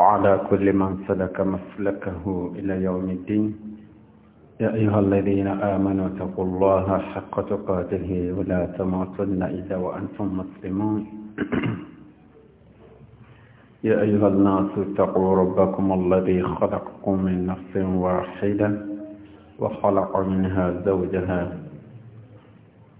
وعلى كل من سلك مسلكه إلى يوم الدين يا أيها الذين آمنوا اتقوا الله حق تقاته ولا تموتن إلا وأنتم مسلمون يا أيها الناس اتقوا ربكم الذي خلقكم من نفس واحدة وخلق منها زوجها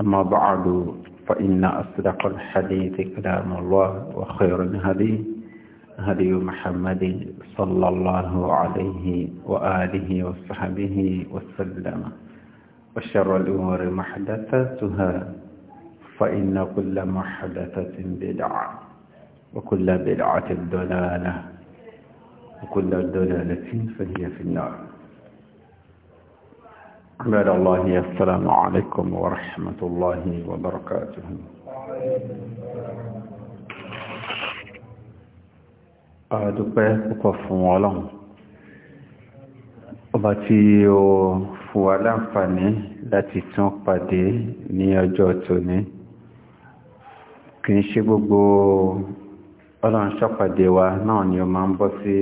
أما بعد فإن أصدق الحديث كلام الله وخير الهدي هدي محمد صلى الله عليه وآله وصحبه وسلم وشر الأمور محدثاتها فإن كل محدثة بدعة وكل بدعة ضلالة وكل ضلالة فهي في النار عباد الله السلام عليكم ورحمة الله وبركاته adúpẹ́ púpọ̀ fún ọlọ́run ọba tí ó fún wa láǹfààní láti tún pàdé ní ọjọ́ tòní kì í ṣe gbogbo ọlọ́run ṣàpàdé wa náà ni ó máa ń bọ́ sí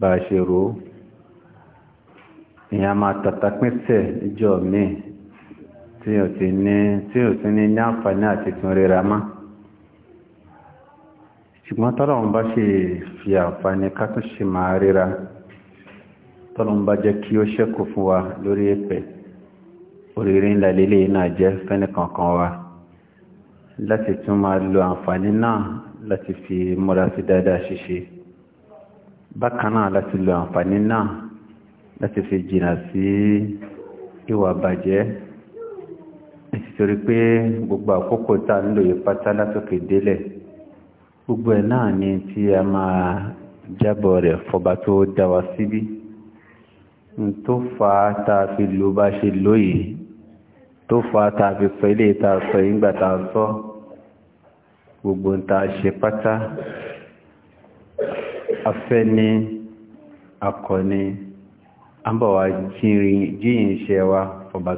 bá a ṣe rò èèyàn máa tàtà pínsẹ̀ ìjọ míì tí ò ti ní tí ò ti ní ní àǹfààní àti tún ríra má ṣùgbọ́n tọ́lọ́run bá ṣe fi àǹfààní ká tún ṣe máa ríra tọ́lọ́run bá jẹ́ kí ó ṣẹ́kù fún wa lórí ẹ̀pẹ̀ oríire ńlá lélẹ̀ náà jẹ́ fẹ́ni kankan wa láti tún máa lo àǹfààní náà láti fi múra sí dáadáa ṣíṣe bákan náà láti lo àǹfààní náà láti fi jìnà sí ìwà bàjẹ́ nítorí pé gbogbo àkókò tá a nílò yìí pátá látòkè délẹ̀ gbogbo ẹ̀ náà ni tí a máa jábọ̀ rẹ̀ fọba tó dá wa síbí tó fa tá a fi lò bá ṣe lóyè tó fa tá fi sọ ilé tá sọ ìgbà tá sọ gbogbo ta ṣe pátá afẹ́ni akọni. ń bọ̀ wá jíyìn wa ọba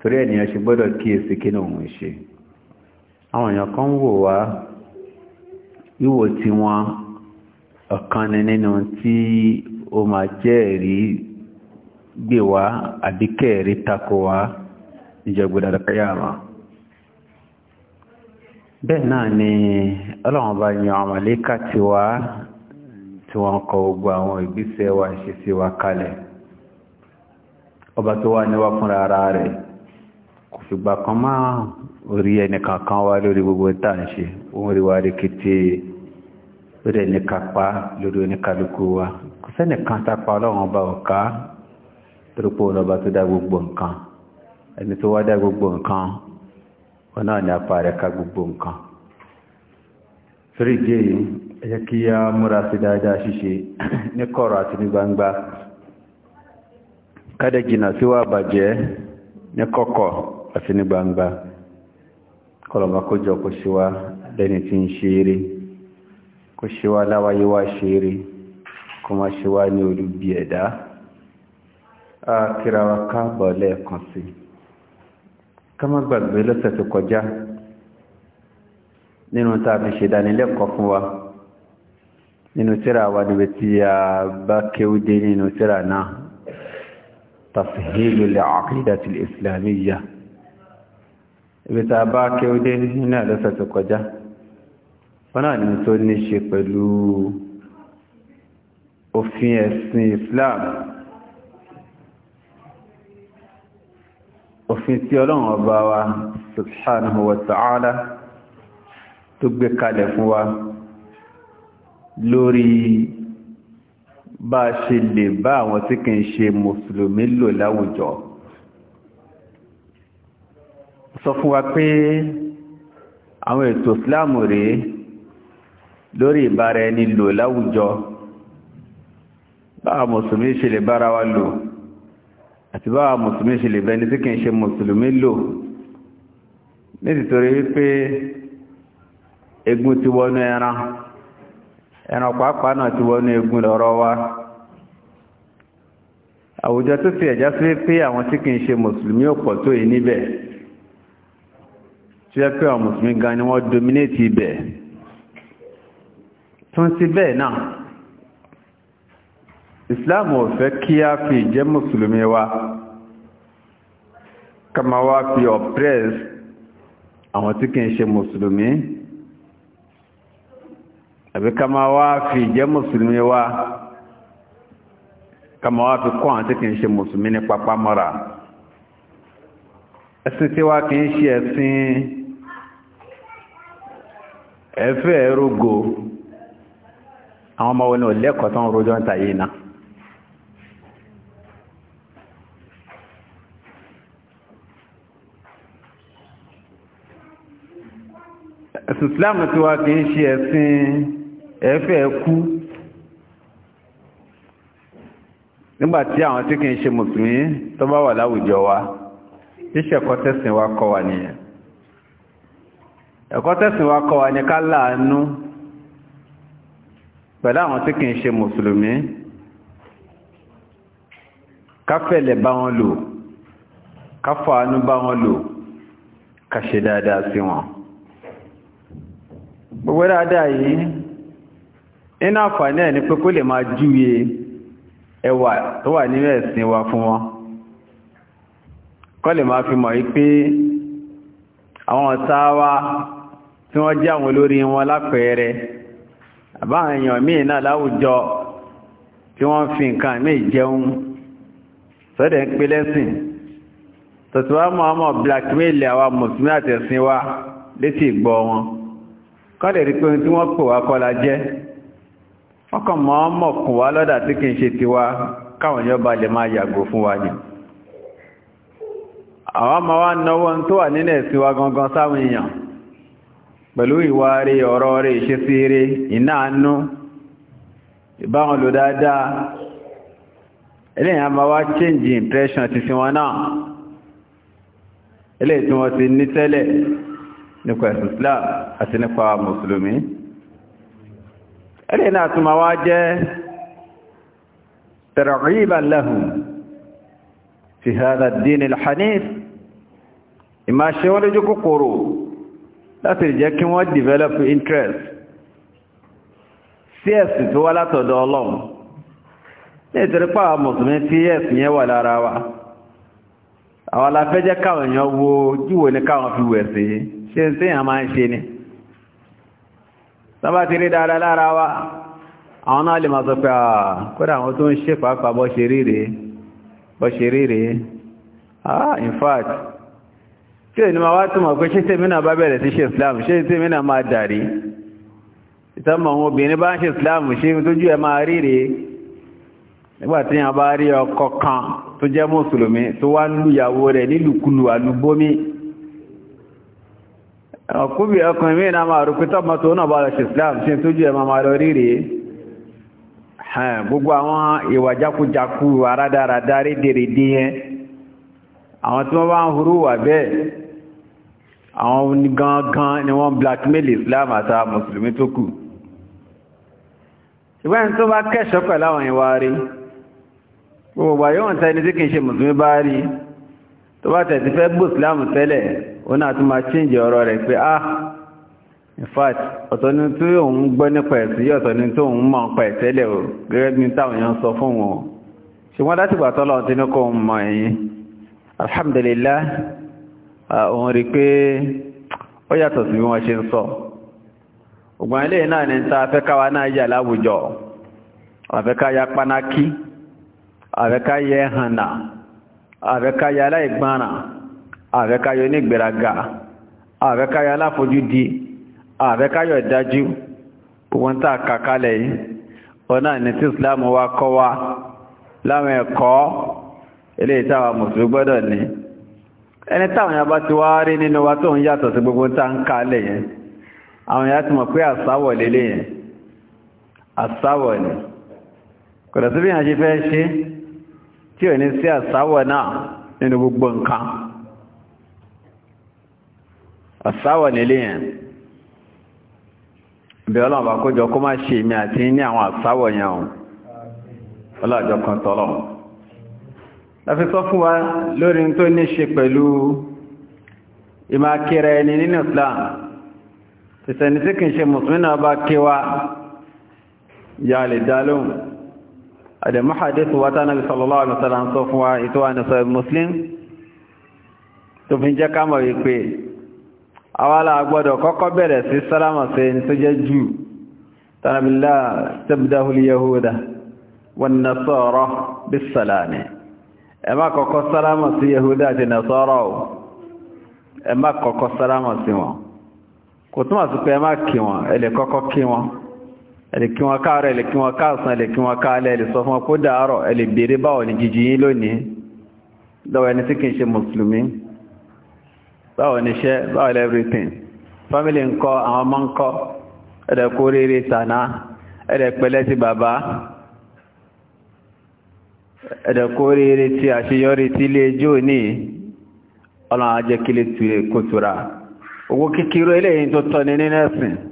torí ẹniyàn ṣe gbọ́dọ̀ kíyèsí kí náà wọ́n ṣe àwọn èèyàn kan wò wá ìwò tí wọ́n ọ̀kan ni nínú tí ó ma jẹ́ ẹ̀rí gbé wá àbíkẹ́ ẹ̀rí tako wá ìjọgbọ́dọ̀ kíyàmá bẹ́ẹ̀ náà ni ọlọ́run tiwa tí wọ́n kọ gbogbo àwọn ìgbésẹ̀ wa ìṣesí wa kalẹ̀ ọba tó wà níwá fúnra ara rẹ̀ kò fìgbà kan máa orí ẹnìkan kan wá lórí gbogbo tá à ń ṣe òun rí wa rí kété lórí ẹnìkápá lórí oníkálukú wa kò sẹ́nìkan tápa ọlọ́run ọba ọ̀ká torípò ọlọ́ba tó dá gbogbo nǹkan ẹni tó wá dá gbogbo nǹkan ọ náà ní apá rẹ̀ ká gbogbo nǹkan fíríjì èyí ẹ̀yẹ kí a múra sí dáadáa ṣíṣe ní kọ̀rọ̀ àti ní gbangba kádẹ̀ jìnà síwá bàjẹ́ ní kọ̀kọ̀ àti ní gbangba kọlọ̀bá kójọ kó ṣíwá lẹ́ni tí ń ṣe eré kó ṣíwá láwáyéwá ṣe eré kó má ṣíwá ní olùbí ẹ̀dá a kíra wa káàbọ̀ lẹ́ẹ̀kan sí ká má gbàgbé lọ́sẹ̀ tó kọjá nínú tá a fi ṣe ìdánilẹ́kọ̀ọ́ fún wa nínú tíra wa níbi tí a bá kéwúdé nínú tíra náà tafhilu li'aqidati al-islamiyya ibi tá a bá kéwúdé nínú àlọ́sẹ̀ tó kọjá wọ́n náà ni tó ní ṣe pẹ̀lú òfin ẹ̀sìn islam òfin tí ọlọ́run ọba wa subhanahu wa ta'ala tó gbé kalẹ̀ fún wa lórí bá a ṣe lè bá àwọn tí kìí ṣe mùsùlùmí lò láwùjọ sọ fún wa pé àwọn ètò islam rèé lórí ìbára ẹni lò láwùjọ báwa mùsùlùmí ṣe lè bára wa lò àti báwa mùsùlùmí ṣe lè bẹni tí kìí ṣe mùsùlùmí lò nítorí wípé egun ti wọnú ẹran ẹran pàápàá náà ti wọnú egun lọ́rọ̀ wa àwùjọ tó ti ẹ̀já sí pé àwọn tí kìí ṣe mùsùlùmí ò pọ̀ tó yìí níbẹ̀ tí ó pé àwọn mùsùlùmí gan ni wọ́n dominate ibẹ̀ tún sí bẹ́ẹ̀ náà islam ò fẹ́ kí a fi jẹ́ mùsùlùmí wa kama wa fi oppress àwọn tí kìí ṣe mùsùlùmí abi ká máa fi je musulmi wa. kama wa fi kọ́ àwọn tí kìí ṣe mùsùlùmí ní pápá mọ́ra ẹ̀sìn tí wa kìí ṣe ẹ̀sìn ẹ̀fẹ́ ẹ̀rúgò àwọn ọmọ wọn ò lẹ́kọ̀ọ́ tán rojọ́ ń ta Islam tí wá kìí ṣe ẹ̀sìn ẹ̀fẹ́ kú nígbàtí àwọn tí kìí ṣe mùsùlùmí tó bá wà láwùjọ wa ṣíṣẹ̀kọ́ tẹ́sìn wa kọ́ wa nìyẹn ẹ̀kọ́ tẹ́sìn wa kọ́ wa ní ká láàánú pẹ̀lú àwọn tí kìí ṣe mùsùlùmí káfẹ̀lẹ̀ bá wọn lò káfàánú bá wọn lò ká ṣe dáadáa sí wọn gbogbo dáadáa yìí iná àǹfààní ẹ̀ ni pé kó lè máa júwe ẹwà tó wà nínú ẹ̀sìn wa fún wọn kọ́ lè máa fi mọ̀ yí àwọn ọ̀tá wa tí wọ́n jẹ́ àwọn olórí wọn lápẹẹrẹ àbáwọn èèyàn míì náà láwùjọ tí wọ́n fi nǹkan míì jẹun sọ́dẹ̀ ń pé lẹ́sìn tọ̀tù wá mọ́ ọmọ blackmail àwa mùsùlùmí àtẹ̀sìn wa létí ìgbọ́ wọn kọ́ lè rí pé tí wọ́n pè wá kọ́ la jẹ́ wọ́n kàn mọ́ mọ̀ kùn wá lọ́dà tí kìí ṣe tiwa káwọn yọba lè máa yàgò fún wa ní àwọn ma wá náwó tó wà nílẹ̀ sí wa gangan sáwọn èèyàn pẹ̀lú ìwà rí ọ̀rọ̀ rí ṣe sí rí iná ìbáwọn lò dáadáa eléyàn ma wọn ti ní tẹ́lẹ̀ nípa Islam àti nípa mùsùlùmí ẹ̀rẹ́ náà tún ma wá jẹ́ targhiban lahum fi hadha ad-din al-hanif ìmá ṣe wọ́n lójú kòkòrò láti jẹ́ kí wọ́n develop interest sí ẹ̀sìn tó wá látọ̀dọ̀ ọlọ́run nítorí pàwà mùsùlùmí tí ẹ̀sìn wà lára wa àwọn aláfẹ́jẹ́ káwọn èèyàn wo jíwò ní káwọn fi wẹ̀ sí ṣe ń tí èèyàn ń ṣe ni tán bá ti rí dáadáa lára wa àwọn náà lè máa sọ pé àà kódà àwọn tó ń ṣe pàápàá bọ́ ṣe ríre ah in fact tí ò ní ma wá túnmọ̀ pé ṣé tèmínà bá bẹ̀rẹ̀ sí ṣe Islam ṣé tèmínà máa dàrí ìtàmọ̀ àwọn obìnrin bá ń ṣe Islam ṣe tójú ẹ máa ríre nígbàtí yàn bá rí ọkọ kan tó jẹ́ mùsùlùmí tó wá ń rẹ̀ nílùkulù àlúgbómi ọkùnbí ọkùnrin mí náà máa rúkútọ́ mọ́tò náà bá lọ́ṣẹ̀ islam ṣe tó jẹ́ ma máa lọ rírí gbogbo àwọn ìwà jákújákú arádáradá rédèrèdè yẹn àwọn tí wọ́n bá ń hurú wà bẹ́ẹ̀ àwọn gangan ni wọ́n blackmail islam àta mùsùlùmí tó kù ṣùgbọ́n tó bá kẹ́ṣọ́ pẹ̀láwọn ìwà rí gbogbo àyọ́wọ̀n tó bá tẹ̀ ti fẹ́ gbò sílámù tẹ́lẹ̀ ó náà tún máa ọ̀rọ̀ rẹ̀ pé ah in fact ọ̀tọ̀ tí òun gbọ́ nípa ẹ̀sìn yìí tí òun mọ̀ nípa ẹ̀tẹ́lẹ̀ o gẹ́gẹ́ bí táwọn èèyàn sọ fún wọn ṣùgbọ́n látìgbà tọ́lọ́ ti pé ó yàtọ̀ wọ́n àfẹ́káyà aláìgbára àfẹ́káyà onígbèrágà àfẹ́káyà aláfojúdi àfẹ́káyà ìdájú wọ́n tàà kàkálẹ̀ yìí ọ̀nà ní tí islam wá kọ́ wá láwọn ẹ̀kọ́ ilé ìtawà mùsùlùmí gbọ́dọ̀ ní ẹni táwọn yà bá ti wá rí nínú wa tó ń yàtọ̀ sí gbogbo tá ń kálẹ̀ yẹn àwọn yà ti mọ̀ pé àsáwọ̀ lélẹ̀ yẹn àsáwọ̀ ni kò tí ò ní sí àsáwọ̀ náà nínú gbogbo nǹkan àsáwọ̀ nílé yẹn bí ọlọ́run bá kójọ kó má ṣe èmi àti ní àwọn àsáwọ̀ yẹn o ọlọ́jọ́ kan tọ́lọ̀ láfi sọ fún wa lórí tó ní ṣe pẹ̀lú ìmákẹ́rẹ ẹni nínú Islam ìsẹ̀ni tí kìí ṣe mùsùlùmí náà bá kéwàá ya lè dá lóhùn àdẹ̀mọ́ hadith wa tánà bí sallallahu alaihi wasallam sọ fún wa ètò ànìsọ muslim tó fi jẹ́ ká mọ̀ wípé awálà agbọ́dọ̀ kọ́kọ́ bẹ̀rẹ̀ sí sálámà sí ẹni tó jẹ́ jù tánà bí láà tabdahul yahuda wan nasara bis salami ẹ má kọ́kọ́ sálámà yahuda àti nasara o ẹ má kọ́kọ́ sálámà sí wọn kò túnmà sí pé ẹ má kí wọn ẹ lè ẹ̀lẹ̀kí wọn káàrọ̀ ẹ̀lẹ̀kí wọn káàsán ẹ̀lẹ̀kí wọn káàlẹ̀ ẹ̀lẹ̀ sọ fún ọkó dáárọ̀ ẹ̀lẹ̀ bèèrè báwọn ní jíjì yín lónìí lọ́wọ́ ẹni tí kìí ṣe mùsùlùmí báwọn níṣẹ́ báwọn everything family ńkọ́ àwọn ọmọ ńkọ́ ẹ̀lẹ̀ kó rere tàná ẹ̀lẹ̀ pẹ̀lẹ́ ti bàbá ẹ̀lẹ̀ kó rere ti àṣeyọrí ti ilé ijó ní ọlọ́run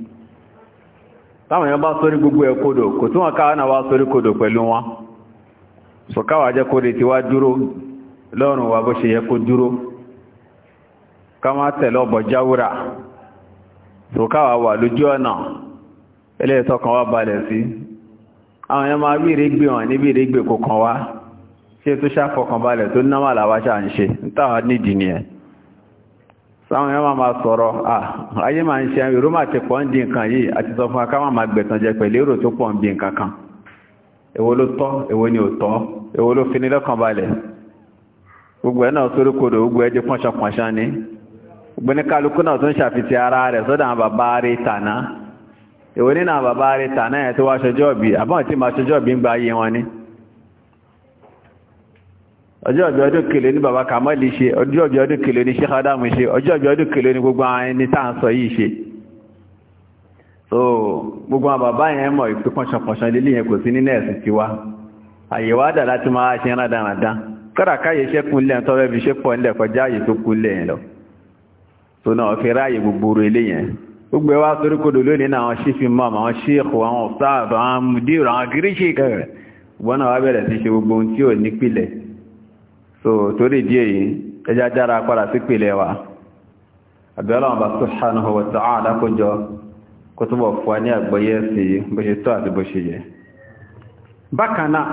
táwọn èèyàn bá sórí gbogbo ẹ̀ kodò kò tún wọn káwọn náà wá sórí kodò pẹ̀lú wọn so káwà jẹ́ kó lè ti wá dúró lọ́rùn wa bó ṣe yẹ kó dúró ká má tẹ̀lé ọ̀bọ̀ jáwúrà so káwà wà lójú ọ̀nà eléyìí tọkàn wá balẹ̀ sí àwọn èèyàn máa wíire gbé wọn níbi ìrégbè kò kàn wá ṣe tó ṣàfọkànbalẹ̀ tó náwà sáwọn ẹwà máa sọ̀rọ̀ ayé máa ń ṣe ẹ̀rọ máa ti pọ̀ ń di nǹkan yìí àti sọ fún ma máa gbẹ̀tàn jẹ pẹ̀lú èrò tó pọ̀ ń di nǹkan kan èwo ló tọ́ èwo ni ò tọ́ èwo ló gbogbo ẹ̀ náà sórí kodò gbogbo ẹ̀ di ni gbogbo ní kálukú náà tó ara rẹ̀ sọ́dọ̀ àwọn bàbá tàná èwo bàbá tàná tó wá ọjọ́ ọjọ́ ọdún kèlè ní bàbá kàmọ́lì ṣe ọjọ́ ọjọ́ ọdún kèlè ní Sheikh Adamu ṣe ọjọ́ ọjọ́ ọdún kèlè ní gbogbo àwọn ẹni tá sọ yìí ṣe so gbogbo àwọn bàbá yẹn mọ̀ ìpé pọ̀ṣọpọ̀ṣọ lílé yẹn kò sí nínú ẹ̀sìn ti wá àyèwà dà láti máa ṣe rádaràdá kọ́dà káyè iṣẹ́ kúnlẹ̀ ń tọ́rọ ibi iṣẹ́ pọ̀ nílẹ̀ kọjá àyè tó kúnlẹ̀ yẹn lọ so náà fi ráàyè gbogbo oru ilé yẹn gbogbo ẹwà sórí kodò lónìí náà àwọn ṣífi mọ́ àwọn ṣíìkù àwọn ọ̀sáàbù àwọn mùdírù àwọn gíríṣì kẹrẹ gbọ́n náà wá bẹ̀rẹ̀ sí ṣe gbogbo ohun tí ò nípìlẹ̀ so torí ìdí èyí ẹjá jára padà sí pèlẹ̀ wa àbẹ́lọ́wọ́n bá subhanahu wa ta'ala alákójọ kó túnbọ̀ fún ní àgbọ́yé sí bó ṣe tó àti bó ṣe yẹ bákanáà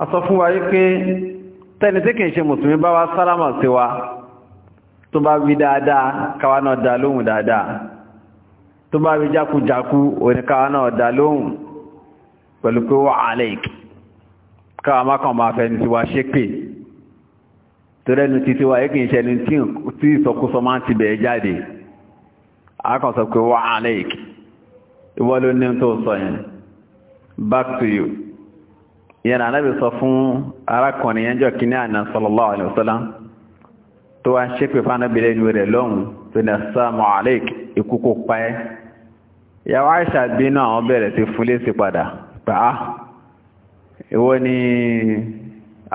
a sọ fún wa yí pé tẹni tí kìí ṣe mùsùlùmí bá wá sálámà sí wa tó bá wí dáadáa káwa náà dá lóhùn dáadáa tó bá wí jákújákú òní káwa náà dá lóhùn pẹ̀lú pé wà aláìkì káwà mákàn máa fẹ́ ní tiwa ṣe pè torẹ́nu ti tiwa yìí kì í ṣe ní tí ìsọkúsọ máa ti bẹ̀ẹ́ jáde akọ̀sọ̀ pé wà á lẹ́yìn ní tó sọ yẹn back to you yẹn ànábì sọ fún arákùnrin yẹn jọ kíní àná sallallahu alaihi wasallam tó wá ṣe pé fánàbì lẹ́nu rẹ̀ lọ́hùn tó ní assalamu alayka ikú kó pa ẹ́ ìwọ ni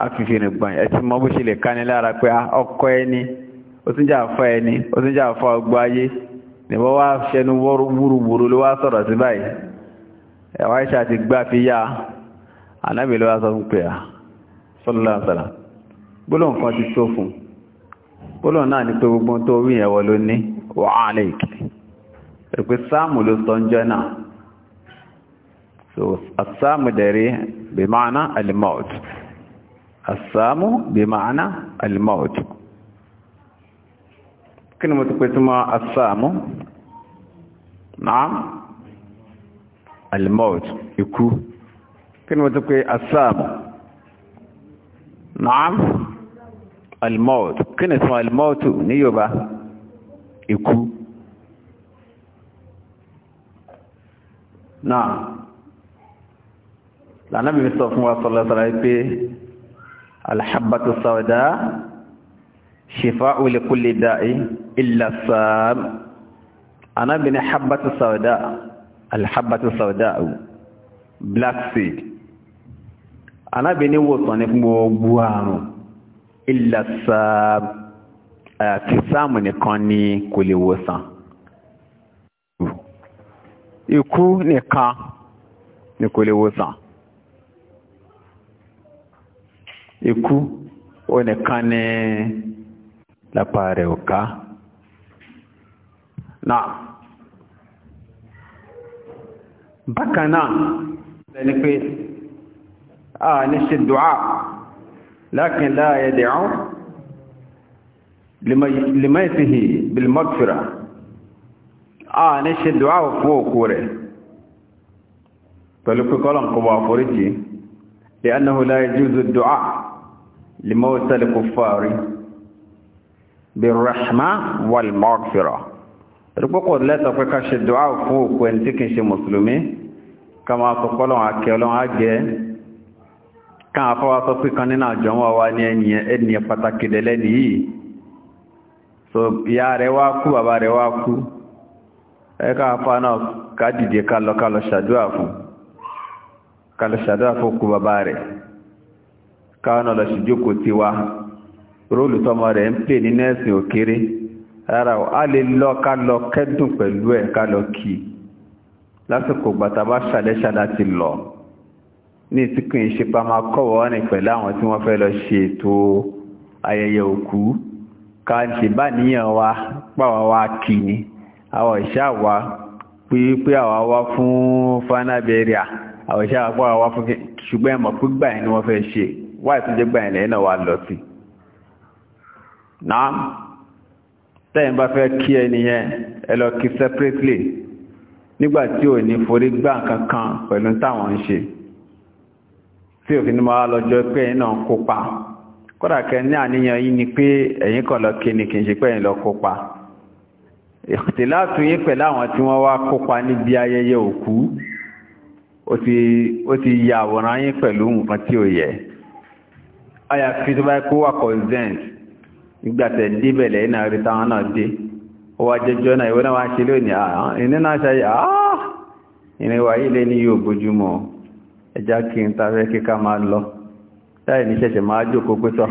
afifin gbọ̀n ẹ̀ tí mọ́ bó ṣe lè ká ní lára pé ah, ọkọ ẹni ó tún jà fọ́ ẹni ó tún jà fọ́ ọgbọ́ ayé níbọ́ wá ṣẹnu wúrúwúrú ló wá sọ̀rọ̀ sí báyìí ẹ̀wá ìṣà ti gbá fi yá anábì ló wá sọ fún pé à ah, sallallahu alaihi gbólóhùn kan ti tó fún gbólóhùn náà ni pé gbogbo tó wí ẹ̀wọ̀ ló ní wà lè kìí pé sáàmù ló sọ ń jẹ́ náà so àsáàmù dẹ̀rí بمعنى الموت السام بمعنى الموت كلمة كتما السام نعم الموت يكو كلمة السام نعم الموت كلمة الموت نيوبا يكو نعم lànà bí sọ fún wa sọ́lọ́ sọ́lọ́ pé alhabbatu sawda shifa'u li kulli da'i illa sam anabi ni habbatu sawda alhabbatu sawda black seed anabi ni wòsàn ní gbogbo àrùn illa sam àti sáàmù nìkan ni kò lè wòsàn ikú nìkan ni kò lè wòsàn ikú ó nìkan ní lápá rẹ̀ òká náà bákan náà lẹ́ni pé a ní ṣe dùá lákin láàyẹ̀ dẹ̀ọ́ lèmọ́ìsìhì bilmọ́kfìrà a ní ṣe dùá fún òkú rẹ̀ pẹ̀lú pẹ́kọ́lọ̀ kọwàá foríjì lẹ́annahu láyẹ̀ jùzù dùá لموتى الكفار بالرحمة والمغفرة rikpọkọ lẹ́tọ̀ pé ká ṣe dùá fún òkú ẹni tí kìí ṣe mùsùlùmí ká máa sọ pọ́lọ̀ àkẹ́ ọlọ́run àgẹ́ káà fọ́wá sọ pé kan nínú àjọ wọn wá ní ẹni pàtàkì dẹ̀lẹ́ni yìí so ìyá rẹ̀ wá kú bàbá rẹ̀ wá kú ẹka afá náà ká dìde ká lọ ká lọ ṣàdúà fún òkú bàbá rẹ̀ káwọn náà lọ sí ti wa róòlù tọmọ rẹ̀ ń pè ní nẹ́ẹ̀sì òkèrè rárá o a lè lọ ká lọ kẹ́dùn pẹ̀lú ẹ̀ ká lọ kì í lásìkò gbàtà bá ṣàlẹ́ṣà láti lọ ní ìsìnkú ìṣepá máa kọ́wọ́ rìn pẹ̀lú àwọn tí wọ́n fẹ́ lọ ṣe ètò ayẹyẹ òkú ká ṣe bá níyàn wa pàwọ́ wa kì ní àwọn ìṣá wa pé àwa wá fún fanaberia àwọn ìṣá wa pàwọ́ wa fún ṣùgbọ́n ẹ̀mọ̀ pígbà ẹ̀ ni wọ́n fẹ́ ṣe wáyé tó jẹ́ gbàyìn lẹ́yìn náà wà lọ sí náà tẹ́yìn bá fẹ́ kí ẹni yẹn ẹ lọ kí separately nígbà tí ò ní forí gbà kankan pẹ̀lú táwọn ń ṣe tí òfin máa lọ́jọ́ pé ẹ̀yin náà kópa kódà kẹ ní àníyàn yìí ni pé ẹ̀yin kan lọ kí ni kì í ṣe pé ẹ̀yin lọ kópa èkìtì látún yín pẹ̀lú àwọn tí wọ́n wá kópa níbi ayẹyẹ òkú ó ti ya àwòrán yín pẹ̀lú nǹkan tí ó yẹ àyàfi tó bá kó wà consent ìgbàtẹ̀ débẹ̀lẹ̀ iná rí táwọn náà dé ó wá jẹjọ́ náà ìwé náà wá ṣe lónìí àà iná náà ṣayẹ àà ìrìn wà ilé ní yóò bójúmọ́ ẹjá kí n tafẹ́ kíká máa lọ láì ní ṣẹ̀ṣẹ̀ máa jókòó pẹ́tọ̀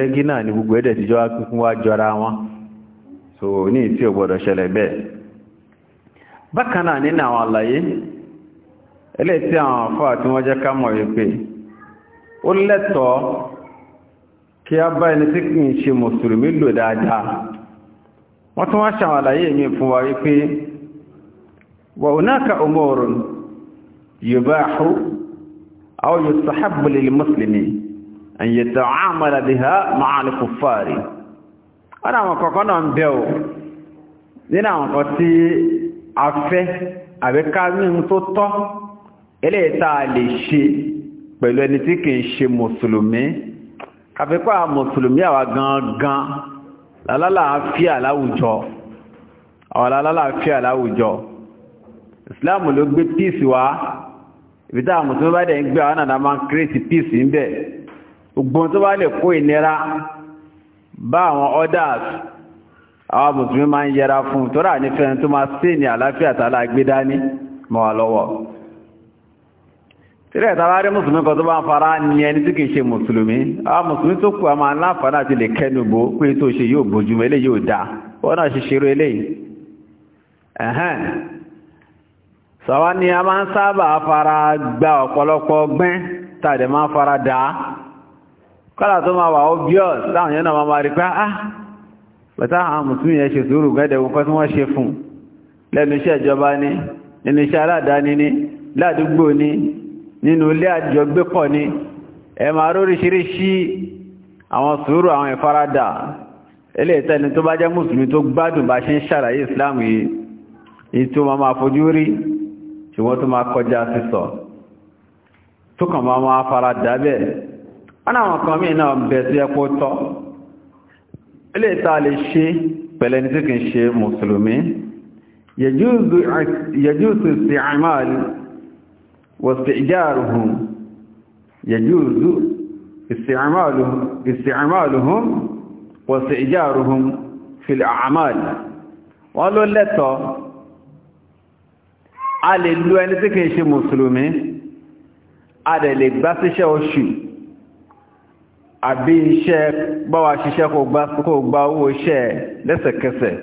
rẹ́gí náà ní gbogbo ẹ̀dẹ̀ so ní ìtí ò gbọ́dọ̀ ṣẹlẹ̀ bẹ́ẹ̀ bákan náà nínú àwọn àlàyé ẹlẹ́tí àwọn àfáà tí wọ́n ó lẹ́tọ̀ọ́ kí a bá ẹni tí kìí ṣe mùsùlùmí lò dáadáa wọ́n tún wá ṣàwàlàyé mi fún wa wípé wà onáka umurun yubahu aw yustahabbu lil muslimi an yata'amala àwọn kọ̀kọ́ náà ń bẹ́ o nínú àwọn kan tí ní pẹ̀lú ẹni tí kìí ṣe mùsùlùmí kàfíkọ́ àwọn mùsùlùmí àwa gangan lálàáfíà láwùjọ àwọn lálàáfíà láwùjọ ìsìláàmù ló gbé píìsì wá ibi tí àwọn mùsùlùmí bá dẹ̀ ń gbé àwọn àdá máa ń kírètì píìsì ń bẹ̀ gbogbo tó bá lè kó ìnira bá àwọn orders àwọn mùsùlùmí máa ń yẹra fún tó rà nífẹ̀ẹ́ tó máa sí ní àlàáfíà tààlà gbé dání mọ́ wa lọ́wọ́ tẹ́lẹ̀ ìtàwárí musulmi kan tó bá ń fara nye ẹni tí kìí ṣe mùsùlùmí àwọn mùsùlùmí tó kù àmà láǹfààní àti lè kẹnubó pé tó ṣe yóò bójúmọ́ ilé yóò ele wọ́n náà ṣe ṣeré eléyìí ẹ̀hẹ́n sọ̀wá ni a máa ń saba fara gba ọ̀pọ̀lọpọ̀ gbẹ́ tàdé máa fara dá kọ́là tó máa wà obvious láwọn yẹn na máa ma rí pé ah bàtà ha musulmi yẹn se sùúrù gẹ́dẹ̀wọ̀n kọ́ tí wọ́n ṣe fún lẹ́nu iṣẹ́ ìjọba ni nínú iṣẹ́ aládàáni ni ládùúgbò ni nínú ilé àjọgbé pọ̀ ni ẹ máa róríṣiríṣi àwọn sùúrù àwọn ìfaradà ilé ìtẹ́ni tó bá jẹ́ mùsùlùmí tó gbádùn bá ṣe ń ṣàlàyé islam yìí èyí tó máa fojú rí ṣùgbọ́n tó máa kọjá sísọ tó kàn máa máa fara dábẹ̀ wọ́n àwọn واستئجارهم يجوز استعمالهم استعمالهم واستئجارهم في الأعمال قالوا لتا على اللو أن تكيش مسلمي على لباس شوشي àbí iṣẹ́ báwa ṣiṣẹ́ kò gba owó iṣẹ́ lẹ́sẹ̀kẹsẹ̀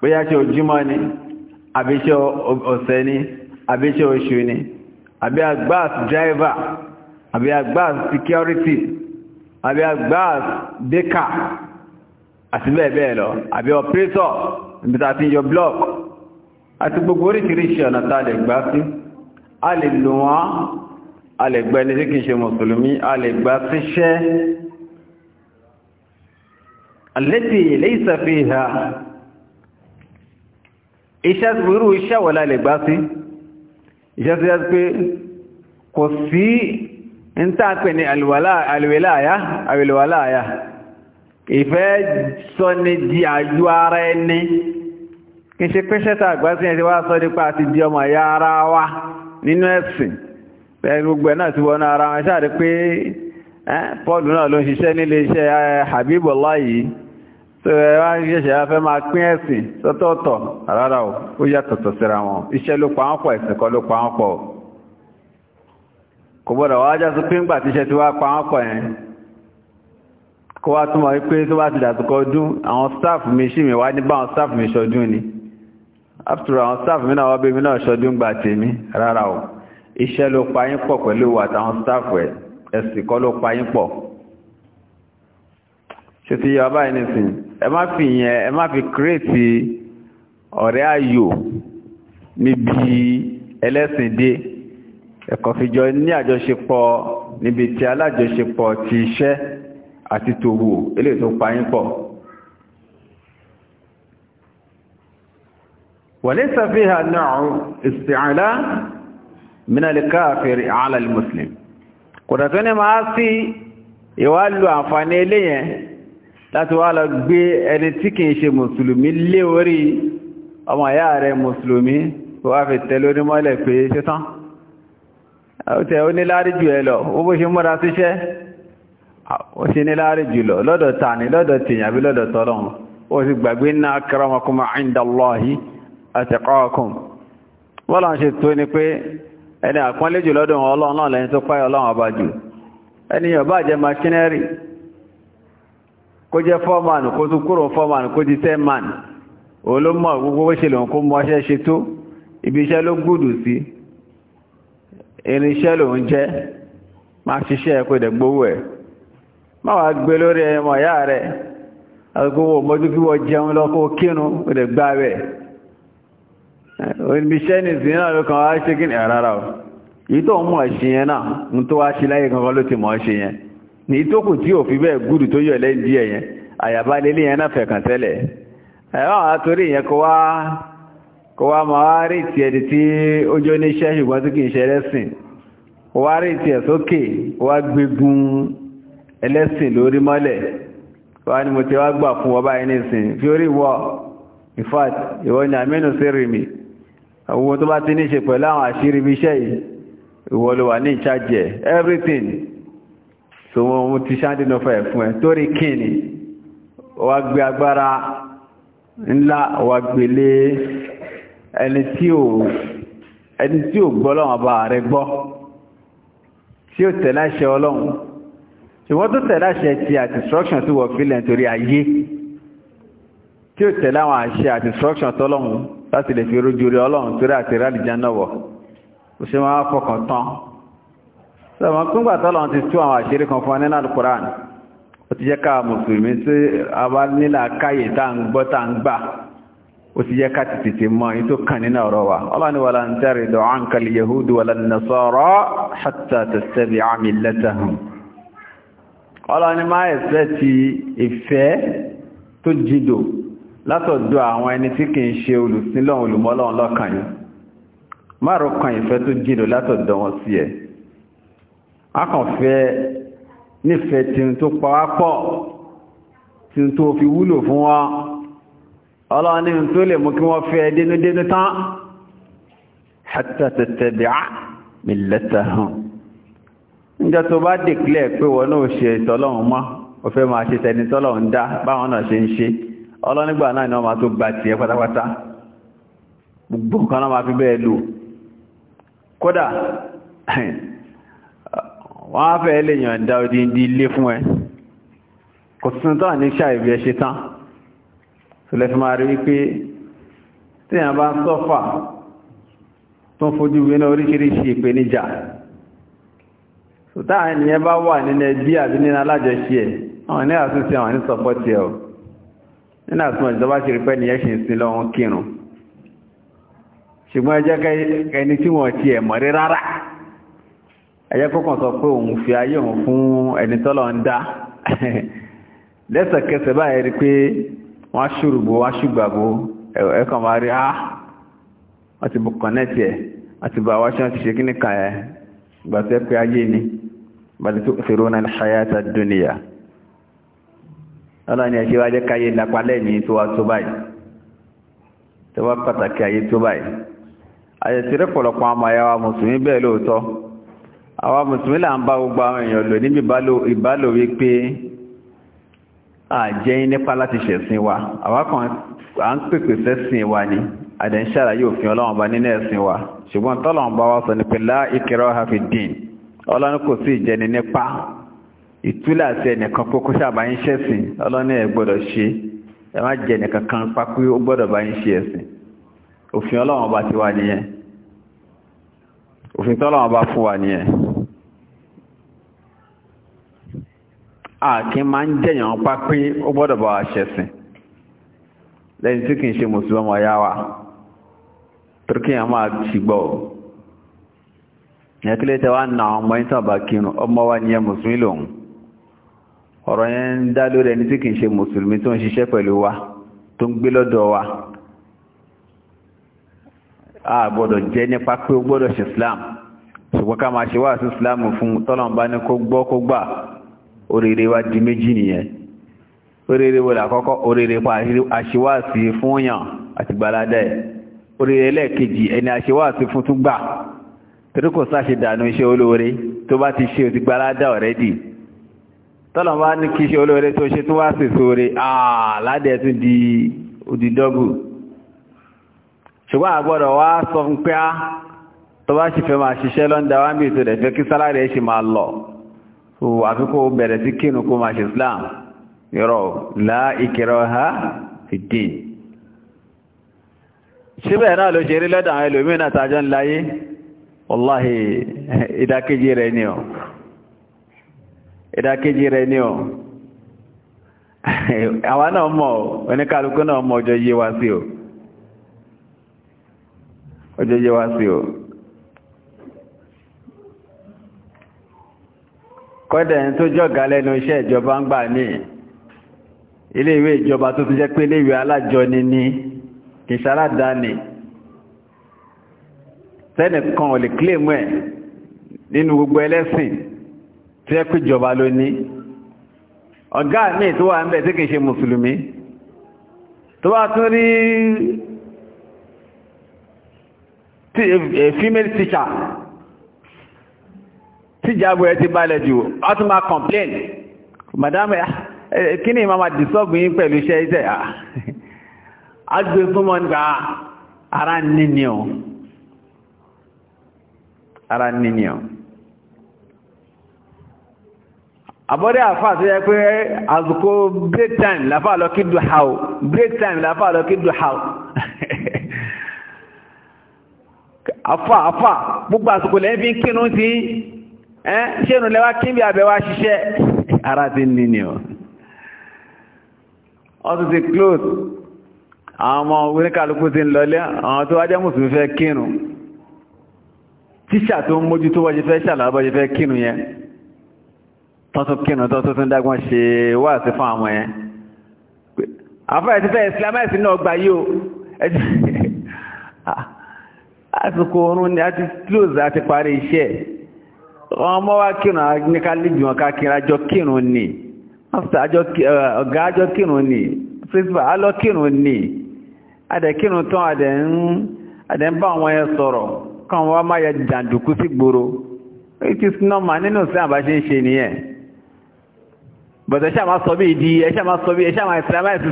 bóyá ṣe ojúmọ́ ni àbí iṣẹ́ ọ̀sẹ̀ ni àbí iṣẹ́ oṣù ni àbí agbáàs driver àbí agbáàs security àbí agbáàs baker àti bẹ́ẹ̀ bẹ́ẹ̀ lọ àbí operator ibi tá ti yọ block àti gbogbo oríṣiríṣi ọ̀nà tá lè gbá sí a lè lò wọ́n a lè gbá ẹni tí kìí ṣe mùsùlùmí a lè gbá síṣẹ́ àlẹ́tì laysa fiha iṣẹ́ ìrú iṣẹ́ wọ́n lè gbá sí iṣẹ́ tó pe ko si sí ń tàpẹ̀ ní alìwẹ̀láàyá alìwẹ̀láàyá ife sọ ni di àjú ara ẹni kí ṣe pẹ́ṣẹ́ tàgbà sí ẹ̀ṣẹ́ wá sọ nípa àti di ọmọ ya ara wa nínú ẹ̀sìn gbogbo ẹ̀ ti wọnú ara wọn ṣáà rí pé Paul náà lo ń ṣiṣẹ́ nílé iṣẹ́ Habibullah tó ẹ wá ṣẹ̀ṣẹ̀ afẹ́ máa pín ẹ̀sìn sọ́tọ̀ọ̀tọ̀ rárá o ó yàtọ̀tọ̀ síra wọn iṣẹ́ ló pa wọ́n pọ̀ ẹ̀sìn kọ́ ló pa wọ́n pọ̀ kò gbọ́dọ̀ wá jásù pé ńgbà tíṣẹ́ tí wá pa wọ́n pọ̀ kó wá túnmọ̀ wípé tó bá ti dàtúkọ ọdún àwọn staff mi ṣì mi wá ní báwọn staff mi ṣọdún ni after àwọn staff mi náà wá bẹ́mi náà ṣọdún gbà tèmi rárá o iṣẹ́ ló pa yín pọ̀ pẹ̀lú wà táwọn staff ẹ̀sìn kọ́ ló pa yín pọ̀ ṣe ti yọ abáyé nísìnyí ẹ má fi yẹn ẹ má fi kírètì ọ̀rẹ́ ayò níbi ẹlẹ́sìn dé ẹ̀kọ́ fìjọ ní àjọṣepọ̀ níbi tí alájọṣepọ̀ ti iṣẹ́ àti tòwò eléyìí tó pa pọ̀ وليس فيها نوع استعلاء من الكافر على المسلم kò dàtọ́ ní máa sí ìwà lò àǹfààní eléyẹn láti wá lọ gbé ẹni tí kìí ṣe mùsùlùmí lé orí ọmọ ìyá rẹ̀ mùsùlùmí tó wá fi tẹ lórí mọ́lẹ̀ pé ṣetán ọ̀tẹ̀ ó níláàrí jù ẹ lọ ó bó ṣe múra síṣẹ́ ó ṣe níláàrí jù lọ lọ́dọ̀ tàní lọ́dọ̀ tèèyàn bí lọ́dọ̀ tọ́lọ́run ó sì gbàgbé inna akramakum indallahi atqakum wọ́n kó jẹ́ fọ́màn kó tún kúrò fọ́màn kó di tẹ́màn olómọ̀ gbogbo ṣe lòun kó mọ́ ṣẹ́ ṣe tó ibi iṣẹ́ ló gùdù sí irinṣẹ́ lòun jẹ́ máa ṣiṣẹ́ kó dẹ̀ gbówó ẹ̀ má wàá gbé lórí ẹmọ ìyá rẹ̀ agogo mọ́jú kí wọ́n jẹun lọ́kọ́ kírun kó rẹ̀ ibi iṣẹ́ ní ìsìn ló kàn wá ṣe kí ni rárá o èyí tó ń mọ̀ ṣe yẹn náà ń tó wá ṣe láyé Ni ìtókù tí ò fi bẹ́ẹ̀ gúdù tó yọ̀ lẹ́yìn díẹ̀ yẹn àyàbá lélé yẹn náà fẹ̀kàn tẹ́lẹ̀ ẹ̀wọ́n àtòrí yẹn kó wá kó wá máa rí ti ẹni tí ó jó ní iṣẹ́ ṣùgbọ́n tí kìí ṣe ẹlẹ́sìn kó wá rí ti ẹ̀ sókè kó wá gbégun ẹlẹ́sìn lórí mọ́lẹ̀ wá mo ti wá gbà fún ọba yẹn nísìn fi orí wọ in fact ìwọ ni àmínú sí mi owó tó bá ti ní ṣe pẹ̀lú àwọn àṣírí ibi iṣẹ́ yìí ìwọ ló wà ní everything so wọn mú ti ṣáàdì náà fẹ́ fún ẹ torí kíni wà gbé agbára ńlá wà gbélé ẹni tí ò ẹni tí ò gbọ́ lọ́wọ́ bá rẹ gbọ́ tí ó tẹ̀láṣẹ ọlọ́run ṣùgbọ́n tó tẹ̀láṣẹ ti àti instruction tí wọ́n fílẹ̀ nítorí ayé tí ó tẹ̀lé àwọn àṣẹ àti tọ́lọ́run láti lè fi rójú rí ọlọ́run torí àti rálìjá náà wọ̀ ó ṣe fọkàn tán sọ̀rọ̀ kúngbà tọ́lọ̀ ti tú àwọn àṣírí kan fún nínú alukùránì ó ti jẹ́ ká mùsùlùmí sí àwa nílà káyè tá ń gbọ́ tá ń gbà ó ti jẹ́ ká ti tètè mọ́ yí tó kàn nínú ọ̀rọ̀ wa ọlọ́ni wà láńtẹ́rì lọ ánkàlì yahudu wà lánàṣọ́rọ̀ hàtà tẹ̀sẹ̀bì akànfẹ́ nífẹ̀ẹ́ tí ń tó pàwápọ̀ tí ń tó fi wúlò fún wọn ọlọ́ni tó lè mú kí wọ́n fẹ́ dénúdénú tán hatta tattabi'a millatahum níjọ́ tó bá dèkílẹ̀ pé wọ́n náà ṣe tọ́lọ́run mọ́ o fẹ́ máa ṣe tẹni tọ́lọ́run dá wọ́n á fẹ́ lè yàn dá odi ní ilé fún ẹ kò tún tán ní ṣàìbí ẹ ṣe tán tó lẹ́fẹ́ máa rí wípé tí a bá ń sọ́fà tó ń fojú wé náà oríṣiríṣi ìpèníjà sòtá ènìyàn bá wà nínú ẹbí àbí nínú alájọṣe àwọn ní àtúnṣe àwọn ní sọpọ́tì ẹ̀ nínú àtúnṣe ìjọba ṣe rí pẹ́ nìyẹn ṣe ń sin kírun ṣùgbọ́n ẹ jẹ́ tí wọ́n ti ẹ̀ mọ̀rí rárá ẹ̀yẹ́ kọ́kàn sọ pé òun fi ayé òun fún ẹni tọ́lọ̀ ń dá lẹ́sẹ̀kẹsẹ̀ báyẹ̀ rí pé wọ́n ṣùrùgbò wọ́n ṣùgbàgbò ẹ̀kàn máa rí ah wọ́n ti kọ̀nẹ́tì ẹ̀ àti bá wá ṣán ti ṣe kíní kan ẹ̀ gbàtẹ́ pé ayé ni bàtẹ́ tó fèrò náà ṣayáta dúnìyà ọlọ́ni ẹ̀ṣẹ́ wájẹ́ káyé lápá lẹ́yìn tó wá tó báyìí tó wá pàtàkì ayé tó báyìí àyẹ̀tẹ̀rẹ́ pọ̀lọpọ̀ àmọ́ àyàwó mùsùlùmí bẹ́ẹ̀ lóòótọ́ àwa mùsùlùmí là ń bá gbogbo àwọn èèyàn lò níbi ìbálò wípé àjẹ́ nípa láti ṣẹ̀sìn wa àwa kan à ń pèpè sẹ́sìn wa ni àdẹ̀ńṣàrà yóò fi ọlọ́run bá nínú ẹ̀sìn wa ṣùgbọ́n tọ́lọ́run bá wá sọ ní pé lá ikraha fi din ọlọ́run kò sí ìjẹni nípa ìtúlẹ̀ àti ẹnìkan kókó sábà ń ṣẹ̀sìn ọlọ́run ẹ̀ gbọ́dọ̀ ṣe ẹ má jẹ ẹnìkan kan pápí ó gbọ́dọ̀ bá ń ṣe ẹ̀sìn òfin ọlọ́run bá ti wà nìyẹn òfin tọ́lọ́run bá fún wa nìyẹn àkí máa ń jẹ̀yàn pa pé ó gbọ́dọ̀ bá wa ṣẹ̀sìn lẹ́yìn tí kìí ṣe mùsùlùmí ọ̀yá wa turkiyan na ọmọ yín tàbá kírun ọmọ wa ní ẹ mùsùlùmí lòun ọ̀rọ̀ yẹn ń dá lórí ẹni tí kìí ṣe mùsùlùmí tó ń ṣiṣẹ́ pẹ̀lú wa tó ń a gbọ́dọ̀ jẹ́ nípa pé ó gbọ́dọ̀ ṣe islam ṣùgbọ́n ká máa ṣe wá sí islam fún tọ́lọ̀ oríire wá di méjì nìyẹn oríire wọ́n àkọ́kọ́ oríire pa àṣíwáàsí fún yàn àti gbalada ẹ̀ oríire lẹ́ẹ̀kejì ẹni àṣíwáàsí fún tún gbà torí kò sáṣe dànù iṣẹ́ olóore tó bá ti ṣe ò ti gbalada ọ̀rẹ́dì tọ́lọ̀ bá ní kí iṣẹ́ olóore tó ṣe tún wá sí sóore àládẹ́ tún di odidọ́gù ṣùgbọ́n àgbọ́dọ̀ so àfi kó bẹ̀rẹ̀ sí kínú kó máa ṣe islam yọ́rọ̀ láà ìkẹrọ ha fìdín síbẹ̀ náà ló ṣe rí lọ́dọ̀ àwọn ẹlòmínà tàjọ ń láyé wọláhì ìdákejì rẹ̀ ni ọ̀ ìdákejì rẹ̀ ni ọ̀ àwa náà mọ̀ oníkàlùkù náà mọ̀ ọjọ́ yíwá sí ọ̀ kọ́dẹ̀ ẹni tó jọ̀gá lẹ́nu iṣẹ́ ìjọba ń gbà ní iléèwé ìjọba tó ti jẹ́ pé iléèwé alájọni ní kì í ṣaládàáni sẹ́nìkan ò lè kílèmù ẹ̀ nínú gbogbo ẹlẹ́sìn tí ẹ pé ìjọba ló ní ọ̀gá mi tó wà ń bẹ̀ tí kì í ṣe mùsùlùmí tó bá tún rí female teacher tí ìjábò ẹ ti balẹ̀ jù ọ tún máa complain madam eh, eh, kí ni ìmọ̀ máa disọ́bù yín pẹ̀lú iṣẹ́ iṣẹ́ àgbè ah, fún e mọ́ nípa ara níní ara níní àbọ́dẹ́ àfà tó yẹ pé àzùkò break time láfà lọ kí dù hàù break time láfà lọ kí dù hàù àfà àfà gbogbo àsìkò lẹ́yìn fi kínú sí ṣe nù lẹ́wà kí n bí àbẹ̀wà ṣiṣẹ́ ara ti ní ni ọ̀ ọdún ti close àwọn ọmọ oníkàlùkù ti ń lọlé àwọn tó wájẹ́ mùsùlùmí fẹ́ kírun tíṣà tó ń mójú tó wọ́jẹ́ fẹ́ ṣàlàbọ́jẹ́ fẹ́ kírun yẹn tọ́tún kírun tọ́tún tún dágbọ́n ṣe wà sí fún àwọn yẹn àfáà ti fẹ́ islamáìsì náà gbà yí o àsìkò oorun ni a ti close a ti parí iṣẹ́ wọ́n mọ́ kírùn ní ká lè jùwọ́n kírùn ní ọ̀gá ajọ́ kírùn ní kinu alọ́ kírùn ní adẹ̀ tán adẹ̀ ń bá wọn yẹ sọ̀rọ̀ kan wọ́n má yẹ jàǹdùkú sí it is normal sọ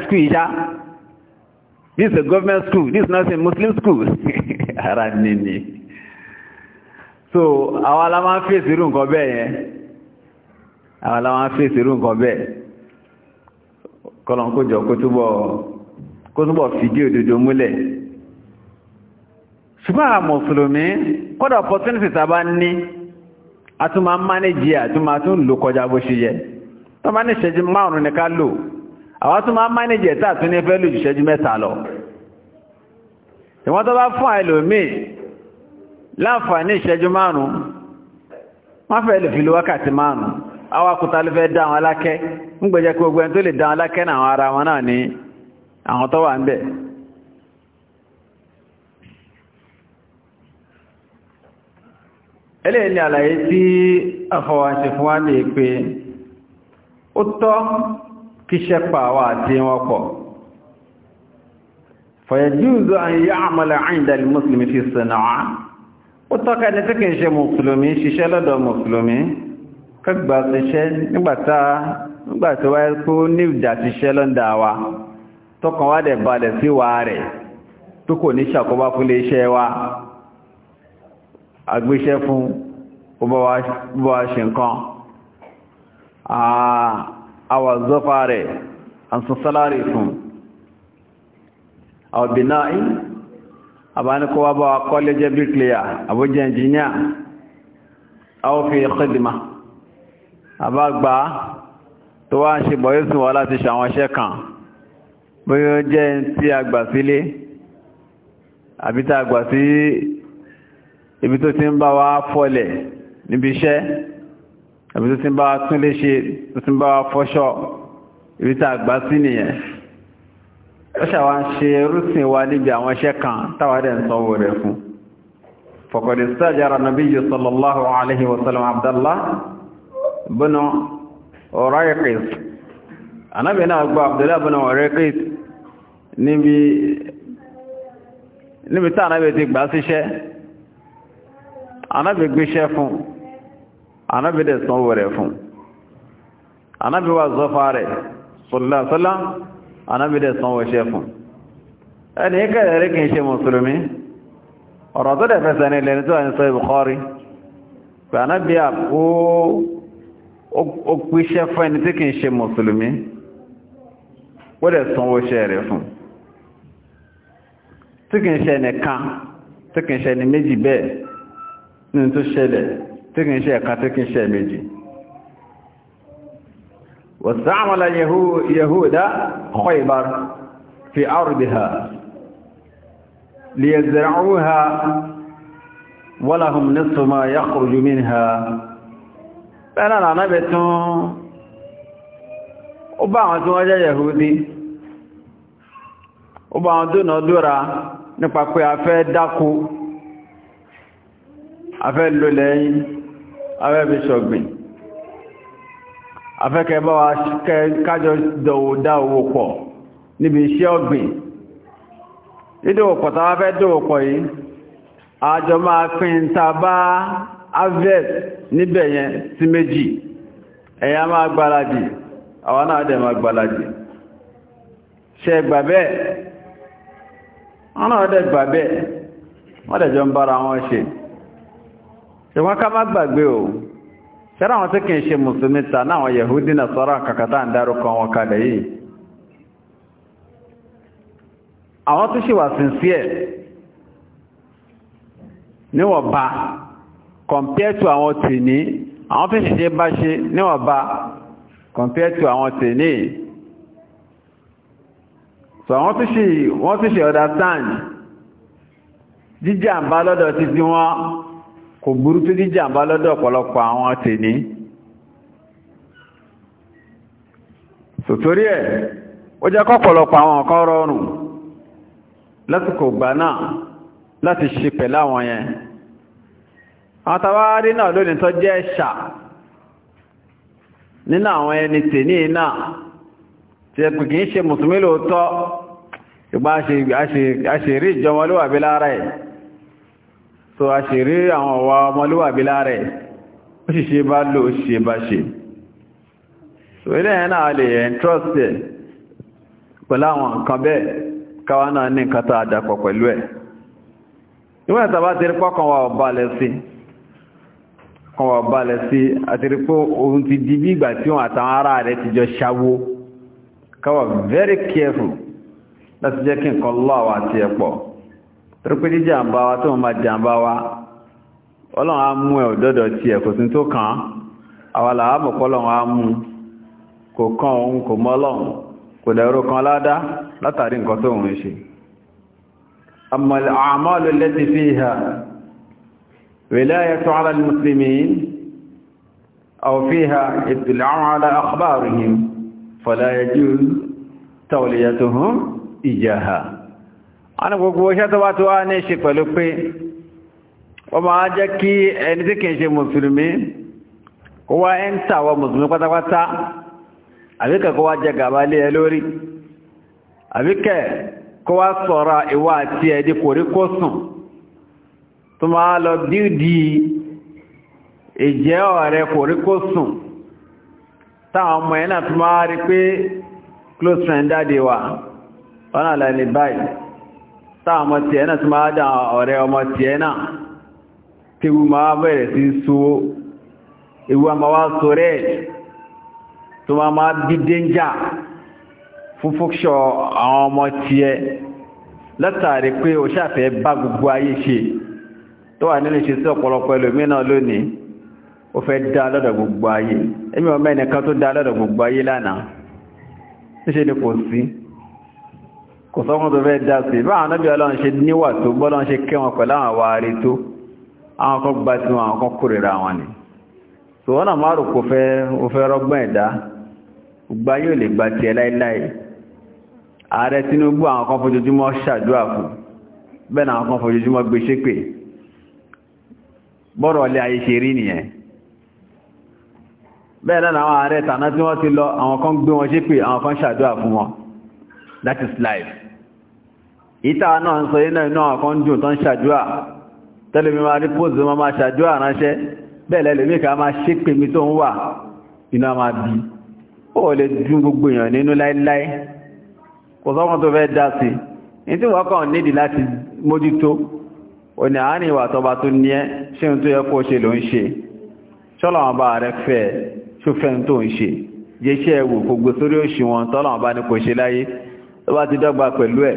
school this is a government school this is not a muslim school so àwọn aláwọ̀ máa ń fèsì irú nǹkan bẹ́ẹ̀ yẹn àwọn aláwọ̀ máa ń fèsì irú nǹkan bẹ́ẹ̀ kọlọ̀n kó jọ kó túbọ̀ fìdí òdodo múlẹ̀ ṣùgbọ́n àwọn mùsùlùmí kọ́dọ̀ opportunity tàbá ní a tún máa mánéjì à tún máa tún lò kọjá bó ṣe yẹ tó máa ní ṣẹ́jú márùn-ún ní ká lò àwọn tún máa mánéjì ẹ̀ tàà tún ní fẹ́ lò jù ṣẹ́jú mẹ́ta lọ ìwọ́n tó bá fún àìlòmíì láǹfààní ìṣẹ́jú márùn-ún wọ́n fẹ́ lè fi lò wákàtí márùn-ún awakùta ló fẹ́ dá àwọn alákẹ́ ń gbẹ̀jẹ́ kó gbẹ́ tó lè dá àwọn alákẹ́ náà ara wọn náà ní àwọn tó wà ń bẹ̀ ẹlẹ́ ni àlàyé tí afọwàṣẹ fún wa lè pé ó tọ́ kíṣẹ́ pọ̀ fi ó tọ́ka ẹni tí kìí ṣe mùsùlùmí ṣiṣẹ́ lọ́dọ̀ mùsùlùmí kọgbà ṣiṣẹ́ nígbàtá nígbàtí wáyé kó ní ìdá ṣiṣẹ́ lọ́ndà wa tọkàn wá dẹ̀ balẹ̀ sí wa rẹ̀ tó kò ní ṣàkóbá fún lè ṣẹ́ wa agbéṣẹ́ fún bó wá ṣe nǹkan àbáníkọwà bá wa kọ́lé jẹ́ bíkìlìyà àbójẹ́ ìjìnyà àwọ́fí ìkìdìmá àbágbà tó wá ń ṣe bọ̀yẹ́sùn wà láti ṣàwọn iṣẹ́ kan bóyí ó jẹ́ tí a gbà sílé àbítà gbà sí ibi tó ti ń bá wa fọ́lẹ̀ níbi iṣẹ́ àbí tó ti ń bá wa túnlé ṣe tó ti ń bá wa fọ́ṣọ́ ibi tá a gbà sí nìyẹn ó ṣàwá ń ṣe rúsìn wa níbi àwọn iṣẹ́ kan táwàdẹ̀ ń sanwó rẹ̀ fún fọ̀kọ̀dẹ̀ sájára nàbí yìí sallallahu alaihi wasallam abdallah bínú ọ̀rẹ́kìs anábì náà gbọ́ abdallah bínú ọ̀rẹ́kìs níbi tá anábì ti gbà síṣẹ́ anábì gbíṣẹ́ fún anábì anábìdẹ̀ sanwó iṣẹ́ fún ẹni kẹ́rẹ̀ rí kìí ṣe mùsùlùmí ọ̀rọ̀ tó dẹ̀fẹ́sẹ̀ ní ilẹ̀ tó àìsọ ìbùkọ́rí pẹ̀ anábì àpó ó píṣẹ́ fún ẹni tí kìí ṣe mùsùlùmí ó dẹ̀ sanwó iṣẹ́ rẹ̀ fún tí واستعمل يهود خيبر في أرضها ليزرعوها ولهم نصف ما يخرج منها فأنا نبتهم وبعض وجه يهودي وبعض دونادورا nípa pé داكو fẹ́ لولين a fẹ́ afẹ́kẹ́ bá wa kájọ dá owó pọ̀ níbi iṣẹ́ ọ̀gbìn dídòwòpọ̀ tàbá fẹ́ dòwòpọ̀ yìí àjọ máa pín tàbá avet níbẹ̀ yẹn sí méjì ẹ̀yà máa gbàlàjì àwọn náà dẹ̀ máa gbàlàjì ṣe gbà tẹ́rà wọn tí kìí ṣe mùsùlùmí ta náà yẹ̀húdí na sọ́rọ̀ kàkàtà ń dárúkọ wọn kalẹ̀ yìí àwọn tó ṣe wà sínsí ẹ̀ níwọ̀n bá compared to àwọn tìní àwọn fi ṣe bá ṣe níwọ̀n bá compared to àwọn tìní so àwọn tó ṣe wọ́n tó ṣe understand jíjà ń bá lọ́dọ̀ ti fi wọ́n kò burú tó ní jàmbá lọ́dọ̀ ọ̀pọ̀lọpọ̀ àwọn tèní sòtórí ẹ̀ ó jẹ́ kọ́pọ̀lọpọ̀ àwọn nǹkan rọrùn lásìkò gbà náà láti ṣe pẹ̀lú àwọn yẹn àwọn tàwárí náà lónìí tó jẹ́ ẹ̀ṣà nínú àwọn ẹni tèní náà tí ẹ̀pù kìí ṣe mùsùlùmí lóòótọ́ ìgbà àṣírí ìjọmọlúwàbí lára ẹ̀ so a ṣe rí àwọn ọwà ọmọlúwàbí láàrẹ̀ ó sì ṣe bá lò ṣe bá ṣe so ilẹ̀ ẹ̀ náà lè ẹ̀ trust ẹ̀ pẹ̀lú àwọn nǹkan bẹ́ẹ̀ káwa náà ní nǹkan tó àdàpọ̀ pẹ̀lú ẹ̀ níwọ̀n ìtàbá ti rí pọ́kàn wà balẹ̀ sí kan wà balẹ̀ sí àti rí pé very careful láti jẹ́ kí nǹkan lọ́wọ́ àti ẹ̀pọ̀ torípé jíjàmbá wa tó máa jàmbá wa ọlọ́run á mú ẹ̀ òdọ́dọ̀ tí ẹ̀ kò sí tó kàn án àwàlà á mọ̀kọ́ ọlọ́run á mú kò kàn òun kò mọ́ ọlọ́run kò dẹ̀rọ kan ládá látàrí nǹkan tó ń ṣe àmọ́lù lẹ́tí fi ha wilayatu ala al-muslimin aw fiha ittila'u ala akhbarihim fala yajuz tawliyatuhum iyaha Ana gbogbo iṣẹ́ tó bá tó wá ní ṣe pẹ̀lú pé wọ́n máa jẹ́ kí ẹni tí kìí ṣe mùsùlùmí kó wá ń tàwọ mùsùlùmí pátápátá àbíkẹ́ kó wá jẹ gàbá lé ẹ lórí àbíkẹ́ kó wá sọ̀rọ̀ ìwà àti ẹ̀dí kòríkòsùn tó máa lọ dídí ìjẹ́ ọ̀rẹ́ kòríkòsùn táwọn ọmọ ẹ̀ náà tó máa rí pé close friend dáde wà wọ́n náà lẹ́ni báyìí táwọn ọmọ tiẹ̀ náà tí máa dá ọ̀rẹ́ ọmọ tiẹ̀ náà tí wú máa bẹ̀rẹ̀ sí so ewu a máa wá so rẹ̀ tó máa máa bí dẹ́njà fún fúkṣọ àwọn ọmọ tiẹ̀ látàrí pé o ṣàfẹ́ bá gbogbo ayé ṣe tó wà nínú ìṣesí ọ̀pọ̀lọpọ̀ ẹlòmínà lónìí ó fẹ́ dá lọ́dọ̀ gbogbo ayé èmi ọmọ ẹnìkan tó dá lọ́dọ̀ gbogbo ayé lánàá níṣẹ́ kò sọ́wọ́n tó fẹ́ dá sí bá àwọn ọ̀nàbí ọlọ́run ṣe níwà tó bọ́lọ́run ṣe kẹwọn pẹ̀lú àwọn àwárí tó àwọn kan gbá tí wọn àwọn kan kórìíra wọn ni so wọ́n náà márùn kò fẹ́ o fẹ́ rọ́gbọ́n ẹ̀dá gbá yóò lè gbá tiẹ̀ láíláí ààrẹ Tinubu àwọn kan fojoojúmọ́ ṣàdúrà fún bẹ́ẹ̀ náà ti lọ that is life ìta náà ń sọ iná iná kan jù tán ṣàdúrà tẹ́lẹ̀mí máa rí pòsì ma máa ṣàdúrà ránṣẹ́ bẹ́ẹ̀lẹ̀ lèmí ká máa ṣe pè mí tó ń wà iná máa bí ó lè dún gbogbo èèyàn nínú láíláí kò sọ́kùn tó fẹ́ dá sí ní tí wọ́n kàn nídìí láti mójútó ò ní àárín ìwà tọba tó ní ẹ́ ṣé ohun tó yẹ kó ṣe ló ń ṣe ṣọ́lọ́wọ́n bá rẹ fẹ́ ṣúfẹ́ tó ń ṣe jẹ́ ẹ̀wò kò gbé sórí òṣùwọ̀n tọ́lọ́wọ́n bá ní kò ṣe láyé tó bá ti dọ́gba pẹ̀lú ẹ̀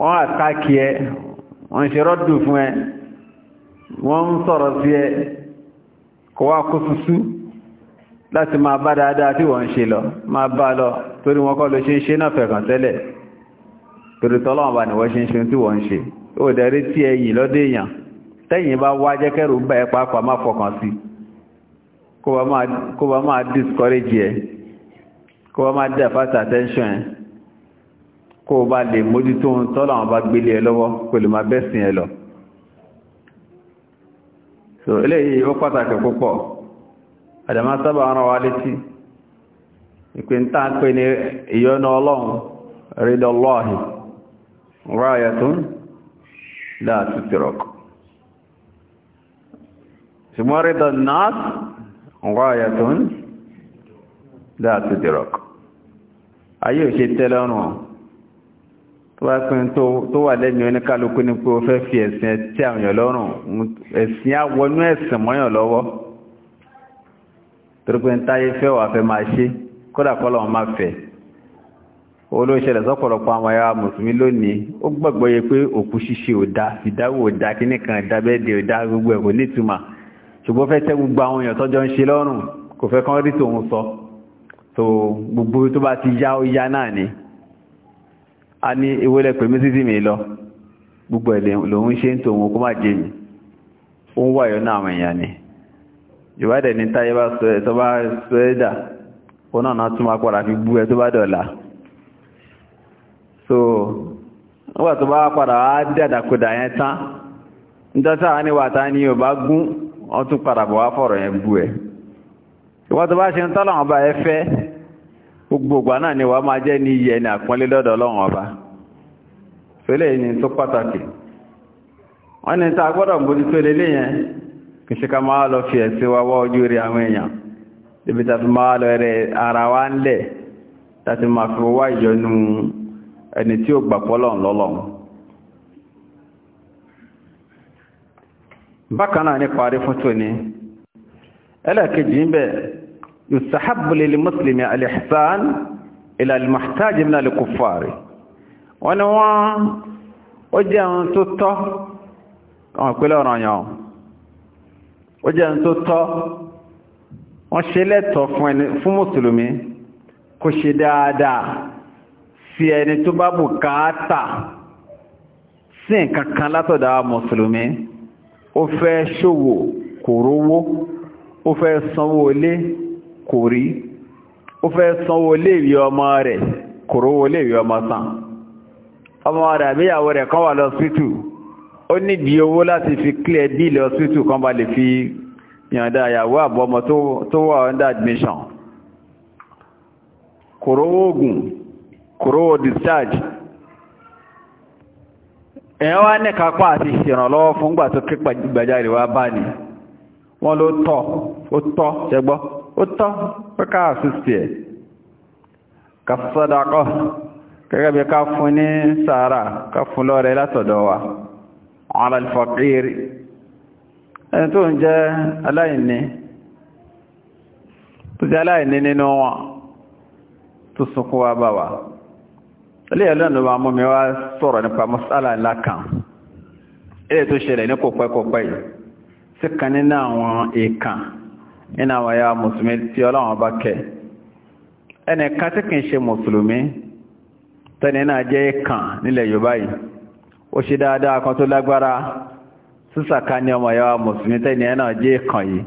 wọ́n àtàkì ẹ wọ́n ṣe rọ́dù fún ẹ wọ́n ń sọ̀rọ̀ sí ẹ kò wá kó súsú láti máa bá dáadáa tí wọ́n ń ṣe lọ máa bá lọ torí wọ́n kọ́ ló ṣe ń ṣe náà fẹ̀kàn tẹ́lẹ̀ torí tọ́lọ́wọ́n bá ní wọ́n ṣe ń ṣe tí wọ́n ń bá máa discourage ẹ kó bá máa dẹ̀ fast attention ẹ kó o bá lè mójútó ohun tọ́lá wọn bá gbélé ẹ lọ́wọ́ pẹ̀lú máa bẹ́sìn ẹ lọ so eléyìí ó pàtàkì púpọ̀ àdàmá sábà rán wa létí ìpín tá ń pè ní ìyọ́nà ọlọ́run rídọ́lọ́ọ̀hì ráyàtún láti tìrọ̀kù ṣùgbọ́n rídọ̀ náà ráyàtún láti ayé ò ṣe tẹ́lọ́rùn tó bá pín tó wà lẹ́nu oníkálukú ni pé o fẹ́ fi ẹ̀sìn ẹtí àwòyàn lọ́rùn ẹ̀sìn àwọnú ẹ̀sìn mọ́yàn lọ́wọ́ torí pé ń táyé fẹ́ wà fẹ́ máa ṣe kódà kọ́lọ̀ wọn máa fẹ́ olóṣèlè sọ́pọ̀lọpọ̀ àwọn ará mùsùlùmí lónìí ó gbàgbọ́ yẹ pé òkú ṣíṣe ò dá ìdáwò ò dá kíní kan ìdábẹ́ẹ̀dẹ̀ ò dá gbogbo ẹ̀ kò nítumà ṣùgbọ́n fẹ́ tẹ́ gbogbo àwọn èèyàn tọ́jọ́ ń ṣe lọ́rùn kò fẹ́ kán rí tòun sọ tó gbogbo tó bá ti yá ó yá náà ni a ní ewélẹ̀ pè mi lọ gbogbo ẹ̀ lòun ṣe ń tòun kó má jẹ mi ó ń wáyọ̀ náà àwọn èèyàn ni ìwádẹ̀ ní táyé bá sọ ó náà náà padà fi gbú ẹ tó bá dọ̀la so nígbà tó bá padà á dàdàkudà yẹn tán nítorí àwọn ni gún ọ padà bọ̀ wá fọ̀rọ̀ yẹn gbú ẹ ìwọ́n tó bá ṣe ń tọ́lọ̀ ọba gbogbo náà ni wàá máa jẹ́ ní iye ẹni àpọ́nlé lọ́dọ̀ ọlọ́run ọba fẹ́lẹ̀ ẹni tó pàtàkì wọ́n ní tá a gbọ́dọ̀ mójútó lélé yẹn kì í ṣe ká máa lọ fi ẹ̀sìn wa wọ́ ojú rí àwọn èèyàn ibi tá máa lọ rẹ ara wa ń lẹ̀ tá máa fi wá ìyọnu ẹni tí ó gbà pọ́lọ́run lọ́lọ́run bákan ń يستحب للمسلم الإحسان إلى المحتاج من الكفار wọ́n ni wọ́n ó jẹ́ ohun tó tọ́ ọ̀n ìpínlẹ̀ ọ̀rọ̀ yàn ó jẹ́ ohun tó tọ́ wọ́n ṣe lẹ́tọ̀ fún mùsùlùmí kó ṣe dáadáa sí ẹni tó bá bùkátà sí nǹkan kan látọ̀dá mùsùlùmí ó fẹ́ kò rí ó fẹ́ sanwó léèwé ọmọ rẹ̀ kò rówó léèwé ọmọ san ọmọ rẹ̀ àbíyàwó rẹ̀ kan wà lọ síìtù ó nídìí owó láti fi clear bill lọ síìtù kan bá lè fi yànda àyàwó àbọ̀ ọmọ tó wà under admission kò rówó oògùn kò rówó discharge èèyàn wá ní kápá àti ìṣèrànlọ́wọ́ fún gbà tó kí gbàjáre wá bá ní wọ́n ló tọ́ ó tọ́ ṣẹgbọ́ ó tọ́ pẹ́ká àsìsì ẹ̀ eh. ká sọ́dákọ́ gẹ́gẹ́ bí ká fún ní sàárà ká fún lọ́rẹ látọ̀dọ̀ wa ala al-faqir ẹni tó ń jẹ́ aláìní tó jẹ́ aláìní nínú wọn tó sunkún wa ilé ni wa mú mi wá sọ̀rọ̀ nípa masala ńlá kan ilé tó ṣẹlẹ̀ ní kò pẹ́kọ̀pẹ́ yìí sí kan nínú àwọn èèkàn ina àwọn ẹ̀yà musulmi tí ọlọ́run bá kẹ. Ẹni kan tí kìí ṣe mùsùlùmí tẹ́ni náà jẹ́ kàn nílẹ̀ yorùbá yìí ó ṣe dáadáa kan tó lágbára sísàká ní ọmọ ẹ̀yà musulmi tẹ́ni náà jẹ́ kàn yìí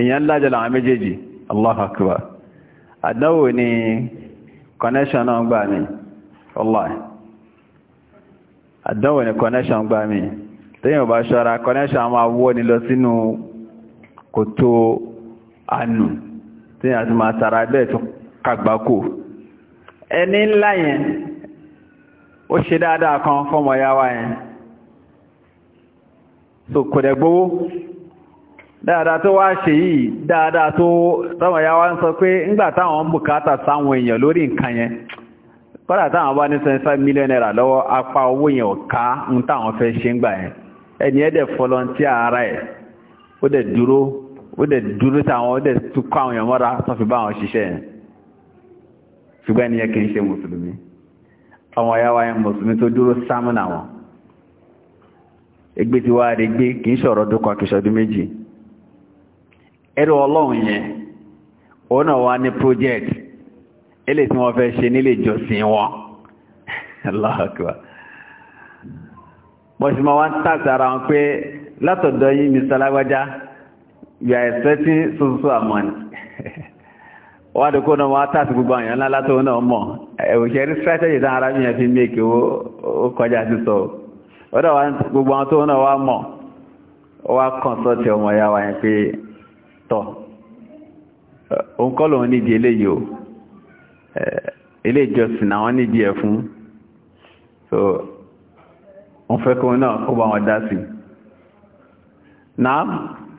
èèyàn lájọ làwọn méjèèjì Allahu Akbar ni connection náà gbà mí wallahi àdánwò ni connection gbà mí tẹ́yìn ò bá ṣọ́ra connection máa wọ́ ni lọ sínú àánú tí a ti máa tara bẹ́ẹ̀ tó kàgbákò ẹni ńlá yẹn ó ṣe dáadáa kan fọ́mọ ya wá yẹn so kò dẹ̀ gbówó dáadáa tó wá ṣe yìí dáadáa tó tọ́mọ ya wá ń sọ pé ńgbà táwọn bùkátà sáwọn èèyàn lórí nǹkan yẹn kọ́dà táwọn bá ní 25 million naira lọ́wọ́ apá owó yẹn ò ká ń táwọn fẹ́ ṣe ń gbà yẹn ẹni fọlọ́ntí ara ẹ̀ ó dẹ̀ dúró ó dẹ̀ dúró tí àwọn ó dẹ̀ tún kọ́ àwọn èèyàn mọ́ra tó fi bá àwọn ṣiṣẹ́ yẹn ṣùgbọ́n ẹni yẹn kì í ṣe mùsùlùmí ọmọ ya wáyé mùsùlùmí tó dúró sámúnà wọn ẹgbẹ́ ti wá rí gbé kì í ṣọ̀rọ̀ dúkọ̀ kì méjì ẹrù ọlọ́run yẹn òun náà wá ní pé látọ̀dọ̀ yìí mr lágbájá you are expecting so so a month wọ́n dẹ̀ kó náà wọ́n tàbí gbogbo àyàn ńlá látọ̀ náà mọ̀ òṣèré rí strategy tán ara yẹn fi make ó kọjá sí sọ ọ̀dọ̀ wa gbogbo àwọn tó náà wá mọ̀ wá consult ọmọ ya wa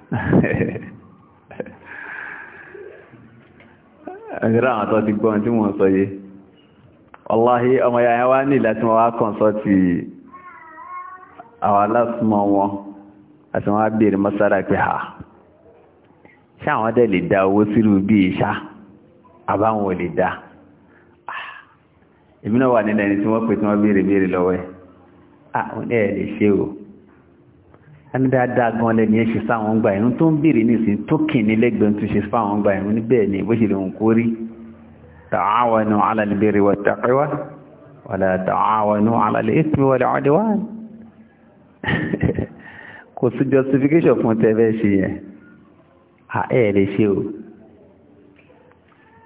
ẹ̀rọ a tó ti gbọ́n tí wọ́n sọ yé ọmọ yàyà wá ní ìlà tí wọ́n wá kọ́nsọ́tì àwọn alásùmọ̀ wọn àti wọ́n ha ṣá àwọn dẹ̀ lè dá owó sírù bí ìṣá àbáwọn lè dá ah, na wà nílẹ̀ tí wọ́n pè tí wọ́n bèèrè bèèrè lọ́wọ́ ẹni dáadáa gan lẹ́ni ẹ ṣe sáwọn gba ìrún tó ń bèèrè nìsín tó kì ní lẹ́gbẹ̀ẹ́ tó ṣe fáwọn gba ìrún níbẹ̀ ni bó ṣe lè hùn kórí ta'awanu 'ala al-birri wat-taqwa wa la ta'awanu 'ala al-ithmi wal-'udwan kò sí justification fún tẹ́fẹ́ ṣe yẹn à ẹ̀ lè ṣe o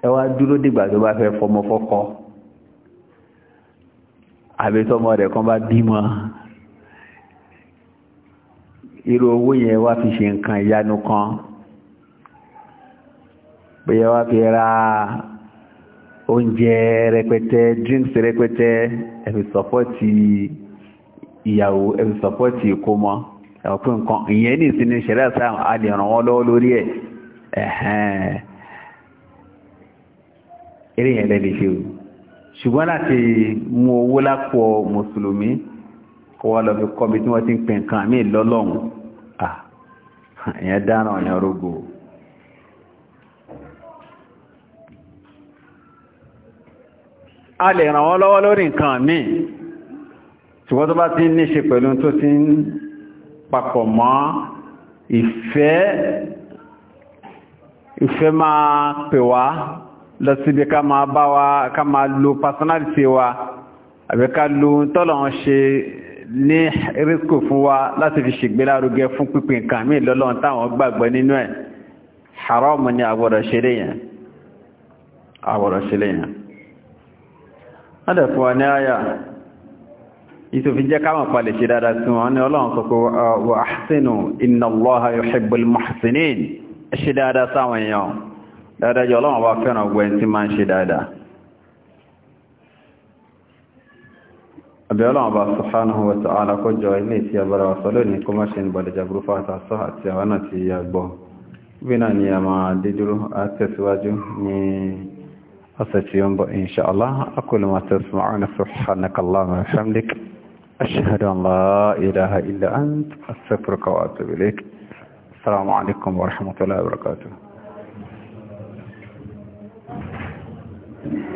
ẹ wá dúró dìgbà tó bá fẹ́ fọmọ fọ́kọ àbí tọmọ rẹ̀ kan bá bímọ irú owó yẹn wá fi ṣe nǹkan ìyanu kan bóyá wá fi ra oúnjẹ rẹpẹtẹ drinks rẹpẹtẹ ẹ fi sọpọ́tì ìyàwó ẹ fi sọpọ́tì ìkómọ ẹ̀kú nǹkan ìyẹn ní ìsinmi ṣẹlẹ̀ sáà a lè ràn wọ́n lọ́wọ́ lórí ẹ̀ ẹ̀hẹ́n eré yẹn lẹ́ lè ṣe o ṣùgbọ́n láti mú owó lápò mùsùlùmí kó wá lọ fi kọ́bi tí wọ́n ti ń pè nǹkan àmì ìlọ́lọ́hun ìyẹn dára ọ̀yàn rogo a lè ràn wọ́n lọ́wọ́ lórí nǹkan àmì ṣùgbọ́n tó bá ti ní ṣe pẹ̀lú tó ti ń papọ̀ mọ́ ìfẹ́ ìfẹ́ máa pè wá lọ síbi ká máa bá wa ká máa lo personality wa àbí lo tọ́lọ̀ ṣe ní rísíkò fún wa láti fi ṣègbélárugẹ fún pípín nǹkan mí lọ́lọ́run táwọn gbàgbọ́ nínú ẹ̀ haram ni àwọ̀rọ̀ ṣeré yẹn àwọ̀rọ̀ ṣeré yẹn wọ́n dẹ̀ fún wa ní àyà ìtòfi jẹ́ káwọn palẹ̀ ṣe dáadáa sí wọn ní ọlọ́run sọ pé àbí ọlọ́run bá subhanahu wa ta'ala kójọ ilé tí a bára wa sọ lónìí kó má ṣe ń gbọ́dẹ̀ jàgbó fàtà sọ àti àwọn náà ti yà gbọ́ bí náà ni a máa dédúró a tẹ̀síwájú ní ọ̀sẹ̀ tí ó ń bọ̀ insha Allah aqulu ma tasma'una subhanaka Allahumma wa bihamdik ashhadu an la ilaha illa ant astaghfiruka wa atubu ilayk assalamu alaikum wa rahmatullahi wa barakatuh